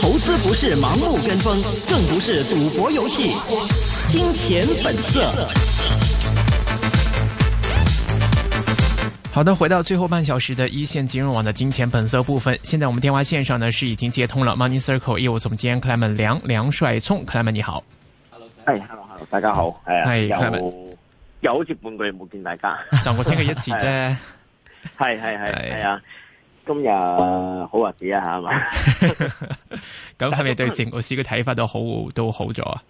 投資不是盲目跟風，更不是賭博遊戲。金錢本色。好的，回到最後半小時的一線金融網的金錢本色部分。現在我們電話線上呢是已經接通了，Money Circle 業務總監 Clement 梁梁帥聰，Clement 你好。哎 hello, guys.，hello hello，大家好。哎 Hi,，Clement 有半個月沒見大家，就我星期一次啫。 係係係係啊！今日好日子啊，係嘛？咁係咪對成個市嘅睇法都好都好咗啊？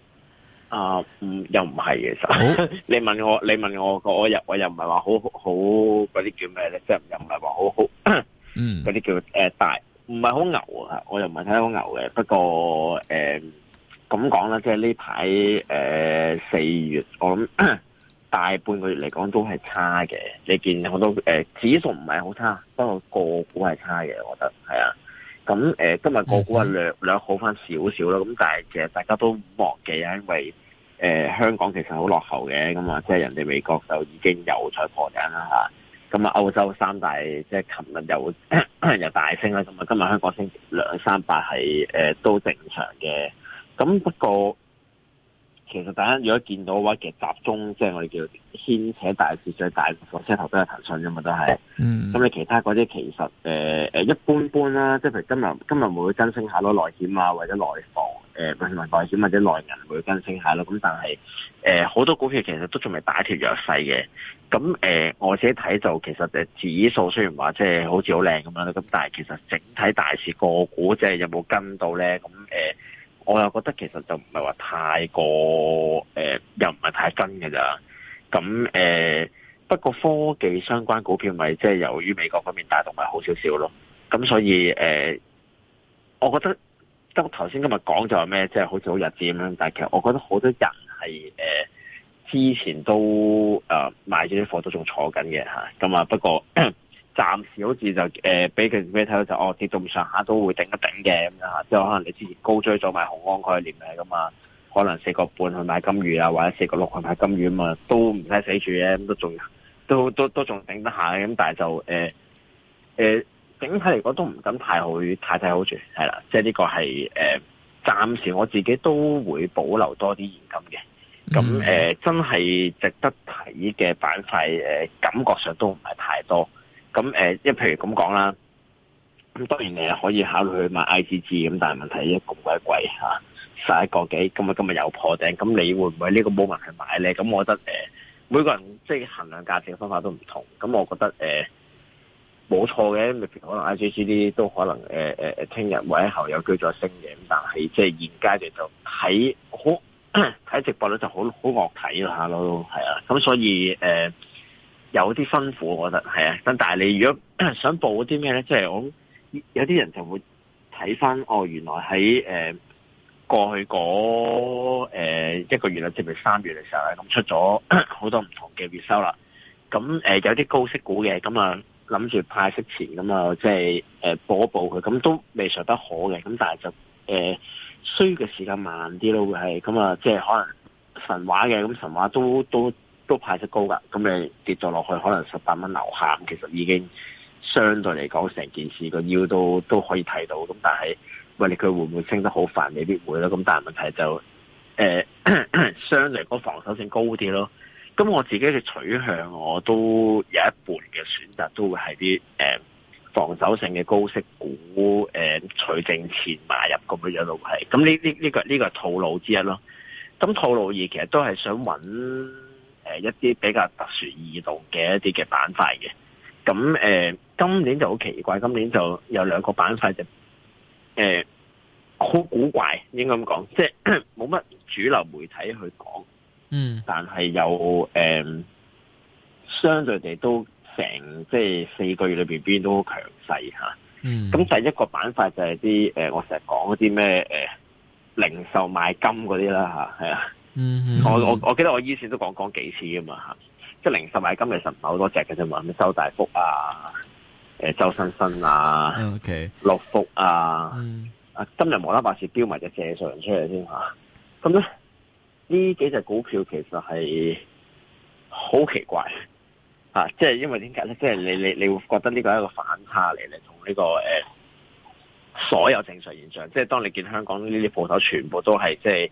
啊，嗯，又唔係其實。哦、 你問我，你問我嗰日我又唔係話好好嗰啲叫咩咧？即係又唔係話好好，嗰啲叫誒大，唔係好牛啊！我又唔係睇得好牛嘅。不過誒，咁講啦，即係呢排誒四月，我諗。 大半個月嚟講都係差嘅，你見好多誒、呃、指數唔係好差，不過個股係差嘅，我覺得係啊。咁誒、嗯呃、今日個股係略略好翻少少咯，咁但係其實大家都忘記啊，因為誒、呃、香港其實好落後嘅，咁、嗯、啊即係人哋美國就已經又再破頂啦吓。咁、嗯、啊歐洲三大即係琴日又又大升啦，咁啊今日香港升兩三百係誒都正常嘅。咁、嗯、不過。其實大家如果見到嘅話，其實集中，即、就、係、是、我哋叫牽扯大市最大火車頭都係騰訊噶嘛，都係。咁你、嗯、其他嗰啲其實誒誒、呃、一般般啦，即係譬如今日今日會更新下咯內險啊，或者內房誒，唔係內險或者內人內銀會更新下咯。咁但係誒好多股票其實都仲未擺脫弱勢嘅。咁誒、呃、我自己睇就其實誒指數雖然話即係好似好靚咁樣，咁但係其實整體大市個股即係有冇跟到咧？咁誒。呃我又覺得其實就唔係話太過誒、呃，又唔係太真嘅咋。咁誒、呃，不過科技相關股票咪即係由於美國方面帶動咪好少少咯。咁所以誒、呃，我覺得剛才今頭先今日講就係咩，即係好似好日子咁樣。但係其實我覺得好多人係誒、呃、之前都誒、呃、買咗啲貨都仲坐緊嘅嚇。咁啊，不過。暫時好似就誒俾佢面睇到就哦跌到上下都會頂一頂嘅咁樣嚇，即係可能你之前高追咗買紅安概念嘅嘛，可能四個半去買金魚啊，或者四個六去買金魚啊嘛，都唔使死住嘅，咁都仲都都都仲頂得下嘅，咁但係就誒誒整體嚟講都唔敢太好，太睇好住係啦，即係呢個係誒、呃、暫時我自己都會保留多啲現金嘅，咁誒、呃、真係值得睇嘅板塊、呃、感覺上都唔係太多。咁誒，即、呃、譬如咁講啦。咁當然你係可以考慮去買 I G C 咁，但係問題依家咁鬼貴嚇，十、啊、一個幾，今日今日又破頂，咁你會唔會呢個 moment 去買呢？咁我覺得、呃、每個人即係衡量價值嘅方法都唔同。咁我覺得誒冇、呃、錯嘅，譬如可能 I G C 啲都可能誒誒聽日或者後有叫做升嘅。但係即係現階段就睇好睇直播就好惡睇啦嚇，都係啊。咁所以誒。呃有啲辛苦，我覺得係啊，咁但係你如果想報啲咩咧，即係我有啲人就會睇翻哦，原來喺、呃、過去嗰、呃、一個月啦，即係三月嘅時候咧，咁出咗好多唔同嘅月收啦。咁、呃、有啲高息股嘅，咁啊諗住派息前咁啊，即係誒報一報佢，咁都未實得可嘅。咁但係就誒、呃、衰嘅時間慢啲咯，會係咁啊，即係可能神話嘅咁神話都都。都派得高噶，咁你跌咗落去可能十八蚊樓下，其實已經相對嚟講，成件事個腰都都可以睇到。咁但係喂，你佢會唔會升得好快？未必會囉。咁但係問題就誒、欸、相對個防守性高啲咯。咁我自己嘅取向，我都有一半嘅選擇都會係啲誒防守性嘅高息股誒、嗯，取正前買入咁嘅樣咯，係。咁呢呢呢個呢、個係套路之一咯。咁套路二其實都係想揾。誒、呃，一啲比較特殊異動嘅一啲嘅板塊嘅，咁誒、呃，今年就好奇怪，今年就有兩個板塊就誒好、呃、古怪，應該咁講，即係冇乜主流媒體去講，嗯但有，但係又誒相對地都成即係四個月裏邊邊都好強勢吓，啊、嗯，咁第一個板塊就係啲誒，我成日講嗰啲咩誒零售買金嗰啲啦吓，係啊。嗯， 我我我記得我以前都講講幾次噶嘛，即係零售買金其實唔係好多隻嘅啫嘛，咩周大福啊，誒、呃、周生生啊，O Okay . K.，六福啊， 啊今日無啦啦，百事標埋隻借上出嚟先吓，咁咧呢這幾隻股票其實係好奇怪，啊、即係因為點解咧？即係你你你會覺得呢個係一個反差嚟，嚟同呢個誒、呃、所有正常現象，即係當你見香港呢啲鋪頭全部都係即係。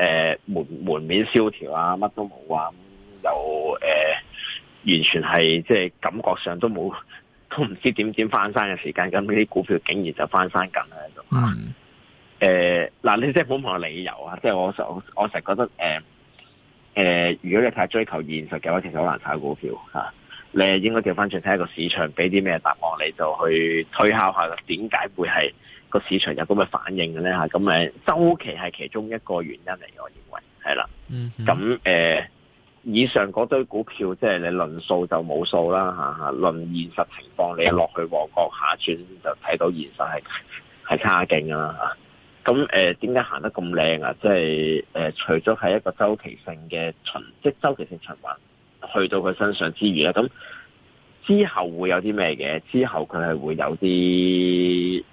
誒、呃，門門面蕭條啊，乜都冇啊，咁又誒、呃，完全係即係感覺上都冇，都唔知點點翻山嘅時間，咁啲股票竟然就翻山緊啊！誒、嗯，嗱、呃，你即係冇冇理由啊！即係我成我成日覺得誒誒、呃呃，如果你太追求現實嘅話，其實好難炒股票吓、啊。你應該調翻轉睇個市場俾啲咩答案，你就去推敲下點解會係。個市場有咁嘅反應嘅咧嚇，咁嘅周期係其中一個原因嚟，我認為係啦。咁誒、嗯嗯呃，以上嗰堆股票，即係你論數就冇數啦嚇、啊。論現實情況，你落去旺角下轉就睇到現實係係差勁啊。咁誒，點、呃、解行得咁靚啊？即係除咗係一個周期性嘅循即周期性循環去到佢身上之餘啦，咁之後會有啲咩嘅？之後佢係會有啲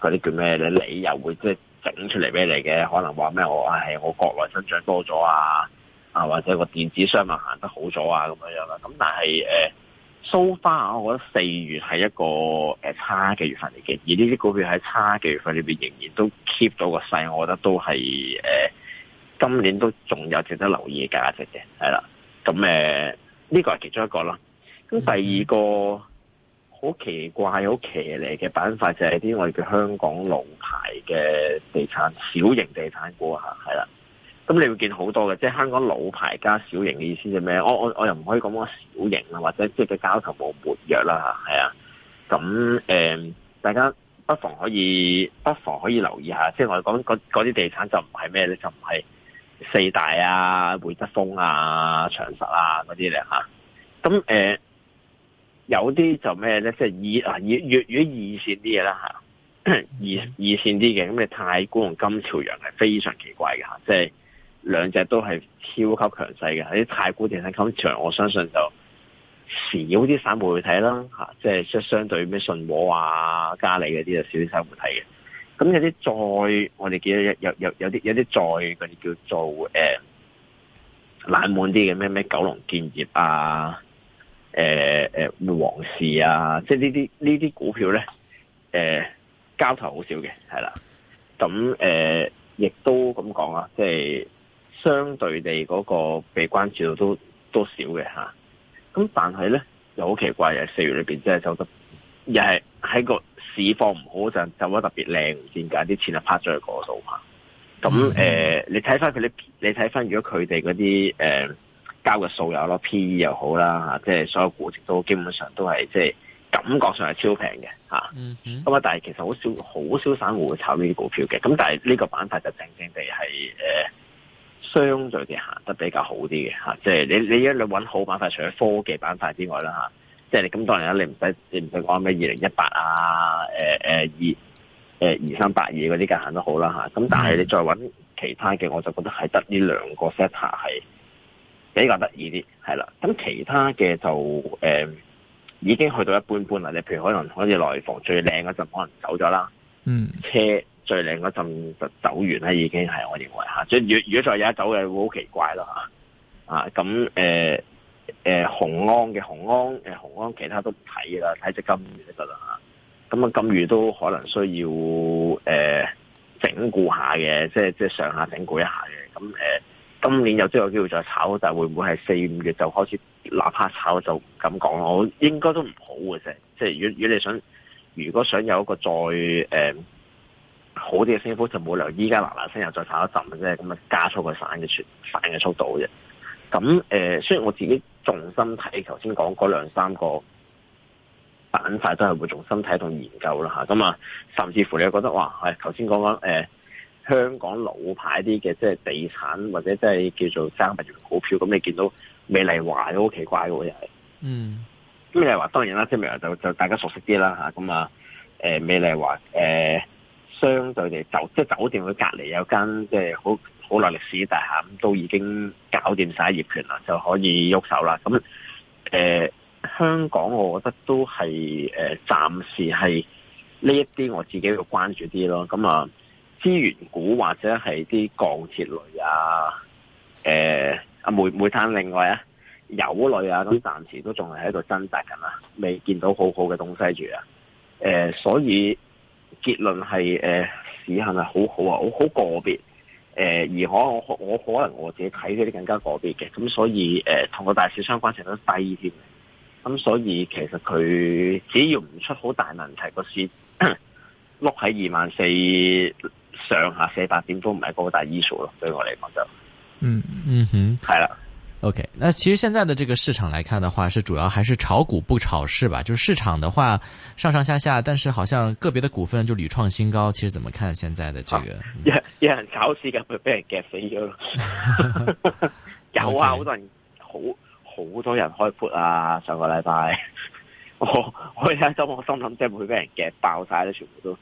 嗰啲叫咩？你你又會即係整出嚟俾你嘅，可能話咩？我、哎、係我國內增長多咗啊，啊或者個電子商務行得好咗啊咁樣樣啦。咁但係誒，蘇、呃、花，so、far, 我覺得四月係一個誒、呃、差嘅月份嚟嘅，而呢啲股票喺差嘅月份裏邊仍然都 keep 到個勢，我覺得都係誒、呃、今年都仲有值得留意嘅價值嘅，係啦。咁誒呢個係其中一個啦。咁第二個。嗯好奇怪，好奇嚟嘅板塊就係啲我哋叫香港老牌嘅地產、小型地產股下係啦。咁你會見好多嘅，即係香港老牌加小型嘅意思就咩？我我我又唔可以講話小型啦，或者即係佢交投冇活躍啦嚇，係啊。咁、呃、大家不妨可以不妨可以留意一下，即係我哋講嗰啲地產就唔係咩咧？就唔係四大啊、會德豐啊、長實啊嗰啲嚟下。咁有啲就咩咧，即係二啊，粵粵語二線啲嘢啦嚇，二二線啲嘅，咁你太古同金朝陽係非常奇怪㗎。即係兩隻都係超級強勢嘅，啲太古地產金朝陽，我相信就少啲散戶去睇啦嚇，即係相相對咩信和啊、嘉里嗰啲就少啲散戶睇嘅，咁有啲再我哋記得有有有啲有啲再嗰啲叫做誒、欸、冷門啲嘅咩咩九龍建業啊。誒誒，黃氏、呃呃、啊，即係呢啲呢啲股票咧，誒、呃，交投好少嘅，係啦。咁、嗯、誒，亦、呃、都咁講啊，即係相對地，嗰個被關注到都都少嘅吓。咁、啊、但係咧又好奇怪，喺四月裏邊真係走得，又係喺個市況唔好嗰陣走得特別靚，唔知點解啲錢啊趴咗去嗰度嘛？咁誒、嗯嗯呃，你睇翻佢啲，你睇翻如果佢哋嗰啲誒。呃交嘅數有咯，PE 又好啦，即係所有估值都基本上都係，即係感覺上係超平嘅咁啊，但係其實好少好少散戶會炒呢啲股票嘅。咁但係呢個板塊就正正地係誒、呃、相對地行得比較好啲嘅，即係你你一你揾好板塊，除咗科技板塊之外啦，即係你咁當然啦，你唔使你唔使講咩二零一八啊，誒、呃、誒、呃、二誒、呃、二三八二嗰啲梗行都好啦咁、啊、但係你再揾其他嘅，我就覺得係得呢兩個 set 係。比較得意啲，係啦。咁其他嘅就誒、嗯，已經去到一般般啦。你譬如可能好似內房最靚嗰陣可能走咗啦，嗯，車最靚嗰陣就走完啦，已經係我認為吓。即係如如果再有一走嘅，會好奇怪啦吓。啊，咁誒誒，宏、啊啊、安嘅宏安誒，宏安其他都唔睇噶啦，睇隻金魚得啦。咁啊，金魚都可能需要誒、啊、整固下嘅，即係即係上下整固一下嘅。咁、啊、誒。今年有真有機會再炒，但係會唔會係四五月就開始立刻炒就咁講？我應該都唔好嘅啫。即係，如果如你想，如果想有一個再誒、呃、好啲嘅升幅，就冇理由依家嗱嗱聲又再炒一浸嘅啫。咁啊，加速個散嘅傳散嘅速度啫。咁誒、呃，雖然我自己重心睇，頭先講嗰兩三個板塊都係會重心睇同研究啦吓。咁啊，甚至乎你覺得哇，係頭先講緊誒。剛才說香港老牌啲嘅，即係地產或者即係叫做爭物業股票，咁你見到美麗華都好奇怪嘅喎，又係。嗯。美麗華，當當然啦，即係就就大家熟悉啲啦吓。咁啊，誒，美麗華誒，相對地，酒即係酒店佢隔籬有間即係好好耐歷史大廈，咁都已經搞掂晒業權啦，就可以喐手啦。咁、嗯、誒、啊，香港我覺得都係誒，暫時係呢一啲，我自己要關注啲咯。咁啊。資源股或者係啲鋼鐵類啊，誒、呃，啊，煤煤炭另外啊，油類啊，咁暫時都仲係喺度掙扎緊啊，未見到好好嘅東西住啊，誒、呃，所以結論係誒市恒係好好啊，好好個別，誒、呃，而可能我,我可能我自己睇呢啲更加個別嘅，咁所以誒同個大市相關性都低添，咁所以其實佢只要唔出好大問題，個市碌喺二萬四。上下四百點都唔係高大 issue 咯，對我嚟講就，嗯嗯哼，係啦的，OK。那其實現在的這個市場來看的話，是主要還是炒股不炒市吧？就是市場的話上上下下，但是好像個別的股份就屢創新高。其實怎麼看現在的這個？啊嗯、有，有人炒市噉，會俾人夾死咗咯。 Okay. 有啊，好多人好好多人開 put 啊，上個禮拜。 我我睇咗，我心諗即係會俾人夾爆曬咧，全部都。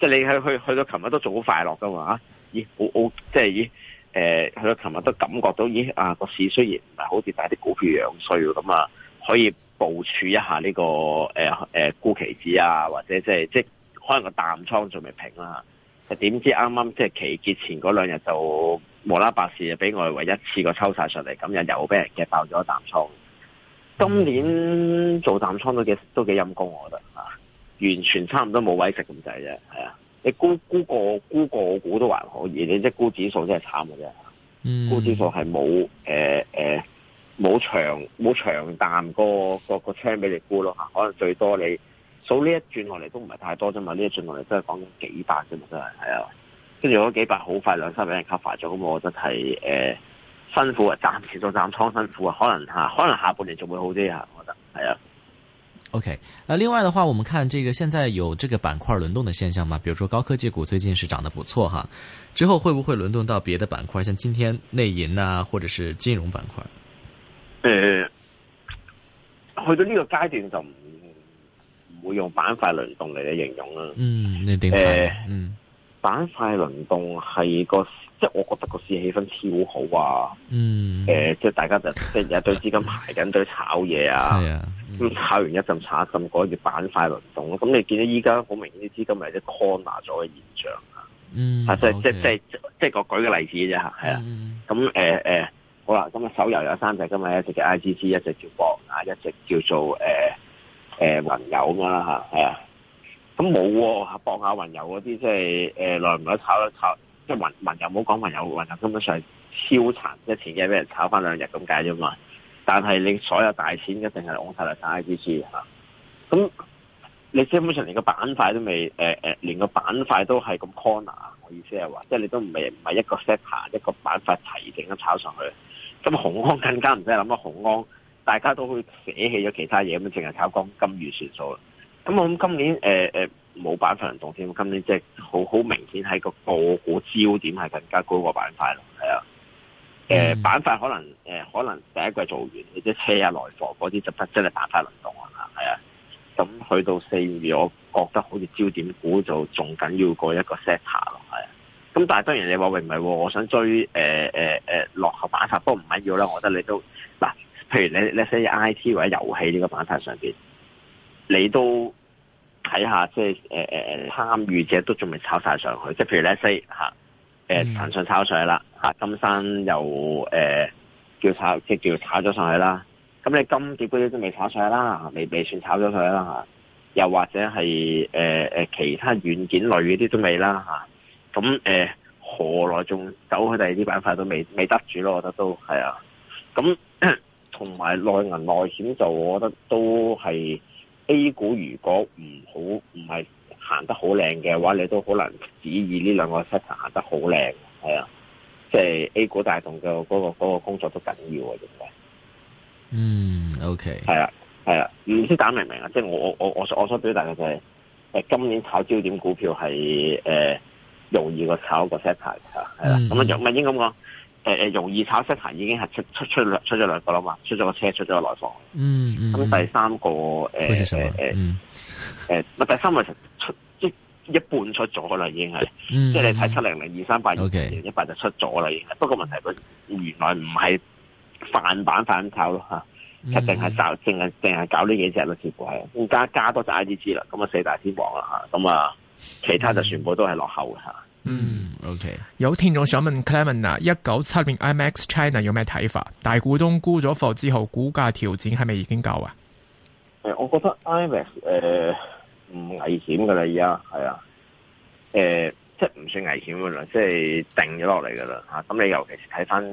即係你去去到琴日都仲好快樂噶嘛？咦，好好即係咦？誒、呃，去到琴日都感覺到咦？啊，個市雖然唔係好似大啲股票衰樣衰要咁啊，可以部署一下呢、這個誒誒沽期指啊，或者、就是、即係即係可能個淡倉仲未平啦、啊。點知啱啱即係期結前嗰兩日就無啦百事就俾外圍一次過抽晒上嚟，咁又又俾人夾爆咗一啖倉。今年做淡倉都幾都幾陰功，我覺得完全差唔多冇位食咁滯啫，係啊！你估沽個估個估都還可以，你即係沽指數真係慘嘅啫。沽、mm. 指數係冇誒誒冇長冇長淡個個個車俾你估咯嚇，可能最多你數呢一轉落嚟都唔係太多啫嘛，呢一轉落嚟都係講幾百啫嘛，真係係啊！跟住嗰幾百好快兩三日人 cover 咗，咁我真係誒辛苦啊！賺少都賺倉辛苦啊！可能下可能下半年仲會好啲嚇，我覺得係啊。是 OK，那另外的話，我們看這個現在有這個板塊輪動的現象嗎？比如說高科技股最近是漲得不錯哈，之後會不會輪動到別的板塊，像今天內銀啊，或者是金融板塊？誒、呃，去到呢個階段就唔會用板塊輪動來嚟形容啦。嗯，你點睇？誒、呃，嗯、板塊輪動係個即係我覺得個市氣氛超好啊。嗯。誒、呃，即係大家就即係一堆資金在排緊隊炒嘢啊。係 啊。咁炒、嗯、完一陣炒一浸，嗰啲板塊輪動咁，你見到依家好明顯啲資金係即 c o l 咗嘅現象啊！嗯，啊，即係即係即係即係我舉個例子啫嚇，係啊。咁誒誒，好啦，咁手遊有三隻今日，一隻叫 IGC，一隻叫博雅，一隻叫做誒誒雲遊咁啦係啊。咁冇嚇博雅雲遊嗰啲，即係誒耐唔耐炒一炒，即係雲雲遊冇講雲遊，雲遊根本上超殘，即、就、係、是、前幾日俾人炒翻兩日咁解啫嘛。但係你所有大錢一定係往曬嚟打 IGC 嚇，咁你基本上連個板塊都未誒誒，連個板塊都係咁 corner 我意思係話，即係你都唔係唔係一個 set 牌一個板塊齊整咁炒上去。咁紅安更加唔使諗啦，紅安大家都會捨棄咗其他嘢咁，淨係炒講金魚算數啦。咁我諗今年誒誒冇板塊輪動添，今年即係好好明顯係個個股焦點係更加高個板塊咯，係啊。誒，板塊、 呃、可能誒、呃，可能第一季做完，你啲車啊、內房嗰啲就不真係板塊輪動啊，係、嗯、啊。咁去到四月，我覺得好似焦點股就仲緊要過一個 set up 咯，係啊。咁、嗯、但係當然你話榮唔係，我想追誒誒誒落後板塊，不過唔緊要啦。我覺得你都嗱，譬如你你 say IT 或者遊戲呢個板塊上邊，你都睇下，即係誒誒參與者都仲未炒晒上去，即係譬如你 say 吓。啊誒，騰訊炒上去啦，吓，金、 呃、山又誒、呃、叫炒，即叫炒咗上去啦。咁你金蝶嗰啲都未炒上去啦，未未算炒咗上去啦吓。又或者係誒誒其他軟件類嗰啲都未啦吓。咁、啊、誒、呃，何來仲走佢哋啲板塊都未未得住咯？我覺得都係啊。咁同埋內銀內險就，我覺得都係 A 股如果唔好唔係。行得好靚嘅話，你都好難指意呢兩個 set 行得好靚，係啊，即係 A 股大動嘅嗰個工作都緊要啊。點解？嗯，OK，係啊，係啊，唔知大家明唔明啊？即係我我我我我想對大家就係，誒，今年炒焦點股票係誒、呃、容易過炒一個 set 排嚇，係啦，咁啊楊咪英咁講。嗯嗯。誒容易炒 set 已經係出出出出咗兩個啦嘛，出咗個車，出咗個內房。咁、嗯嗯、第三個誒誒誒第三個出即一半出咗啦，已經係。嗯、即係你睇七零零二三八二零一八就出咗啦，已經。不過問題佢原來唔係反版反炒咯吓，定係淨係淨係搞呢幾隻咯，似乎係。而家加多就 I D G 啦，咁啊四大天王啦吓，咁啊其他就全部都係落後吓。嗯，OK。有聽眾想問 Clement 啊，一九七年 IMAX China 有咩睇法？大股東沽咗貨之後，股價調整係咪已經夠啊？誒、呃，我覺得 IMAX 誒、呃、唔危險噶啦，而家係啊，誒、呃、即係唔算危險噶啦，即係定咗落嚟噶啦吓。咁、啊、你尤其是睇翻誒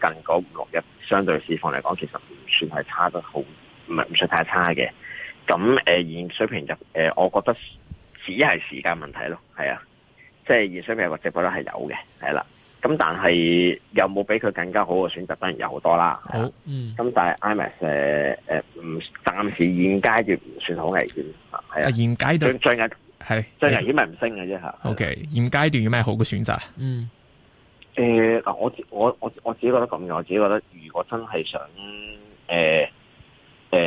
近嗰五六日相對市況嚟講，其實唔算係差得好，唔係唔算太差嘅。咁誒、呃、現水平入誒、呃，我覺得只係時間問題咯，係啊。即係二水名或者覺得係有嘅，係啦。咁但係有冇俾佢更加好嘅選擇？當然有好多啦。好，嗯。咁但係 IMAX，誒誒，唔暫、呃、時現階段唔算好危險，係啊。現階段最危係最危險唔升嘅啫吓。O K. 現階段有咩好嘅選擇？嗯。誒，嗱，我我我我自己覺得咁樣，我自己覺得如果真係想，誒、呃、誒、呃、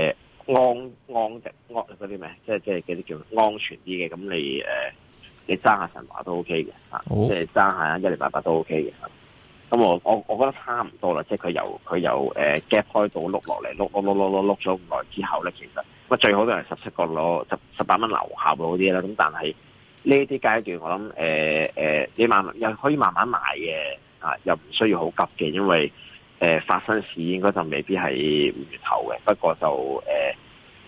安安定安嗰啲咩，即係即係啲叫安全啲嘅，咁你誒。呃你揸下神華都 OK 嘅，即係揸下一零八八都 OK 嘅。咁我我我覺得差唔多啦，即係佢由佢由誒 gap 開到碌落嚟碌碌碌碌碌碌咗咁耐之後咧，其實最好都係十七個囉，十十八蚊留下嗰啲啦。咁但係呢啲階段我諗誒、呃呃、你慢，慢又可以慢慢買嘅啊，又唔需要好急嘅，因為誒、呃、發生事應該就未必係五月頭嘅。不過就誒。呃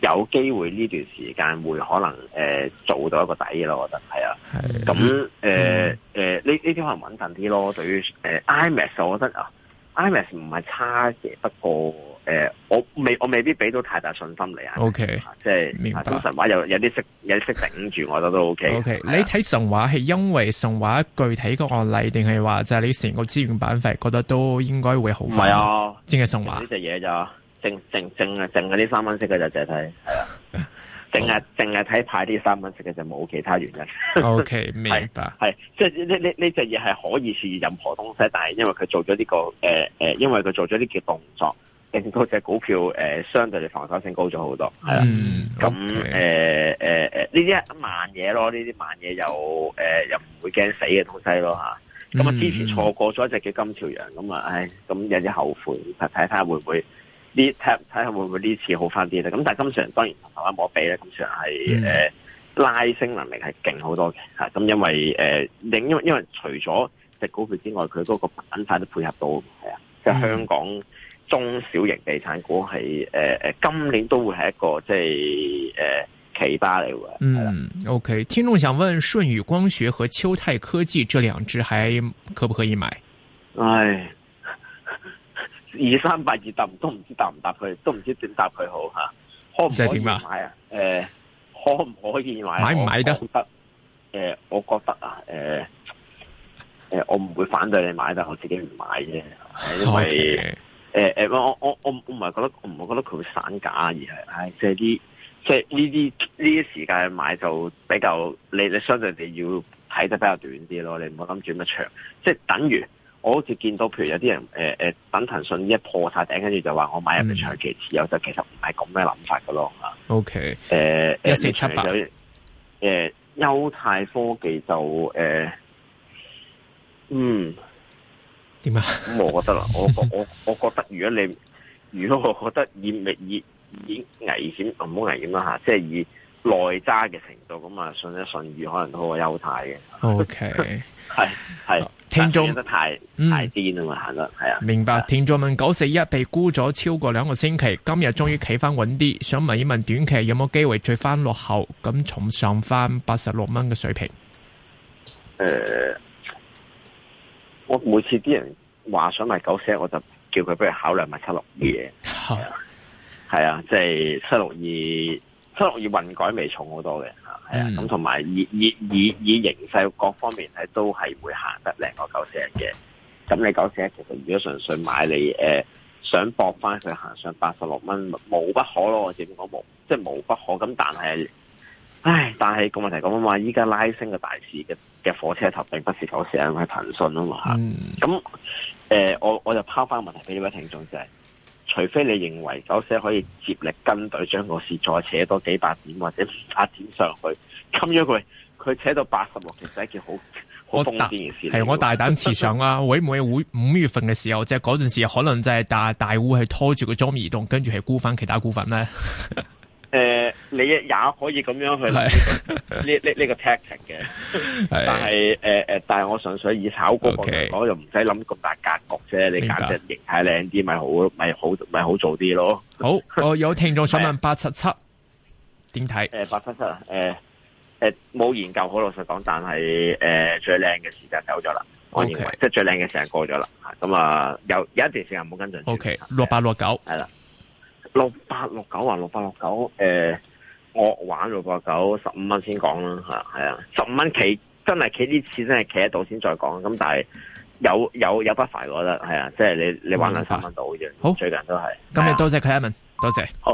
有機會呢段時間會可能誒、呃、做到一個底咯，我覺得係啊，咁誒誒呢呢啲可能穩陣啲咯。對於、呃、IMAX，我覺得啊，IMAX 唔係差嘅，不過誒、呃、我未我未必俾到太大信心你 Okay, 啊。O K，即係明白，神話有有啲識有啲識頂住，我覺得都 O K。O okay , K，的你睇神話係因為神話具體個案例，定係話就係你成個資源板塊覺得都應該會好翻？唔係啊，淨係神話？呢隻嘢咋？淨淨淨啊！淨、哦、係三分式嘅就淨係，係啊！淨係淨係睇牌啲三分式嘅就冇其他原因。O K，係，即係呢呢呢隻嘢係可以是任何東西，但係因為佢做咗呢、這個誒誒、呃，因為佢做咗呢叫動作，令到隻股票誒相對防守性高咗好多，係啦。咁誒誒誒，呢啲慢嘢咯，呢啲慢嘢又誒又唔會驚死嘅東西咯吓。咁啊、呃、之前錯過咗一隻叫金朝陽，咁啊唉，咁、嗯嗯、有啲後悔，睇睇下會唔會。啲睇下會唔會呢次好返啲咧？咁但係今常當然同台灣冇比咧，通常係誒拉升能力係勁好多嘅嚇。咁因為誒，另、呃、因為因為除咗隻股票之外，佢嗰個板塊都配合到係啊。即係香港中小型地產股係誒誒，今年都會係一個即係誒、呃、奇葩嚟嘅。嗯，OK，聽眾想問舜宇光學和秋泰科技這兩隻，還可不可以買？唉。二三八二搭唔都唔知搭唔搭佢，都唔知點答佢好嚇。可唔可以買啊？誒，可唔可以買？呃、可唔可以買唔買,買得？誒、呃，我覺得啊，誒、呃、誒、呃，我唔會反對你買得，我自己唔買啫。因為誒誒 Okay.、呃，我我我唔係覺得，我唔覺得佢會散架，而係誒，即係啲即係呢啲呢啲時間買就比較，你你相對地要睇得比較短啲咯。你唔好諗轉得長，即、就、係、是、等於。我好似見到，譬如有啲人誒、呃、等騰訊一破曬頂，跟住就話我買入去長期持有，嗯、就其實唔係咁嘅諗法噶咯。OK，誒一、呃、四七八，誒優泰科技就誒、呃、嗯點啊嗯？咁我覺得啦，我我我覺得，如果你如果我覺得以未以以危險唔好危險啦嚇，即、就、係、是、以內揸嘅程度，咁啊舜宇舜宇，可能都好過優泰嘅。OK，係係。 是偏重太太癲啊嘛，行得係啊，明白。聽眾問九四一被沽咗超過兩個星期，今日終於企翻穩啲。想問一問，短期有冇機會再翻落後？咁重上翻八十六蚊嘅水平？誒、呃，我每次啲人話想買九四一，我就叫佢不如考慮買七六二嘅，係 啊，即係七六二，七六二混改未重好多嘅。係啊，咁同埋以以以以形勢各方面咧，都係會行得靚個九四一嘅。咁你九四一咧，其實如果純粹買你誒、呃，想搏翻去行上八十六蚊，冇不可咯。我直接講冇，即係冇不可。咁但係，唉，但係個問題咁啊話，依家拉升嘅大市嘅嘅火車頭，並不是九四一啊，係騰訊啊嘛吓。咁誒、呃，我我就拋翻個問題俾呢位聽眾就係。除非你認為狗屎可以接力跟隊將個市再扯多幾百點或者五百點上去，冚咗佢，佢扯到八十六其實係一件好好瘋癲嘅事嚟。係我大膽持上啦、啊，會唔會五五月份嘅時候即係嗰陣時可能就係大大戶係拖住個莊移動，跟住係沽返其他股份咧？ 誒、呃，你也可以咁樣去呢呢呢個、 這個這個、tactic 嘅，但係誒誒，但係我純粹以炒股嚟講，Okay. 就唔使諗咁大格局啫。白你揀隻型太靚啲，咪好咪好咪好做啲咯。好，我有聽眾想問八七七點睇？誒，八七七誒誒，冇、呃呃、研究好，好老實講，但係誒、呃、最靚嘅時間就走咗啦。Okay. 我認為即係最靚嘅時間過咗啦。咁、嗯、啊、呃、有有一段時間冇跟進。O K. 落八落九係啦。嗯嗯嗯六八六九，啊六八六九，誒、欸，我玩六八九，十五蚊先講啦，係啊，啊，十五蚊企真係企啲錢真係企得到先再講，咁但係有有有不快的，我覺得係啊，即係你你玩兩三蚊到嘅，好最近都係，今、啊、你多謝 Kevin 多謝，好。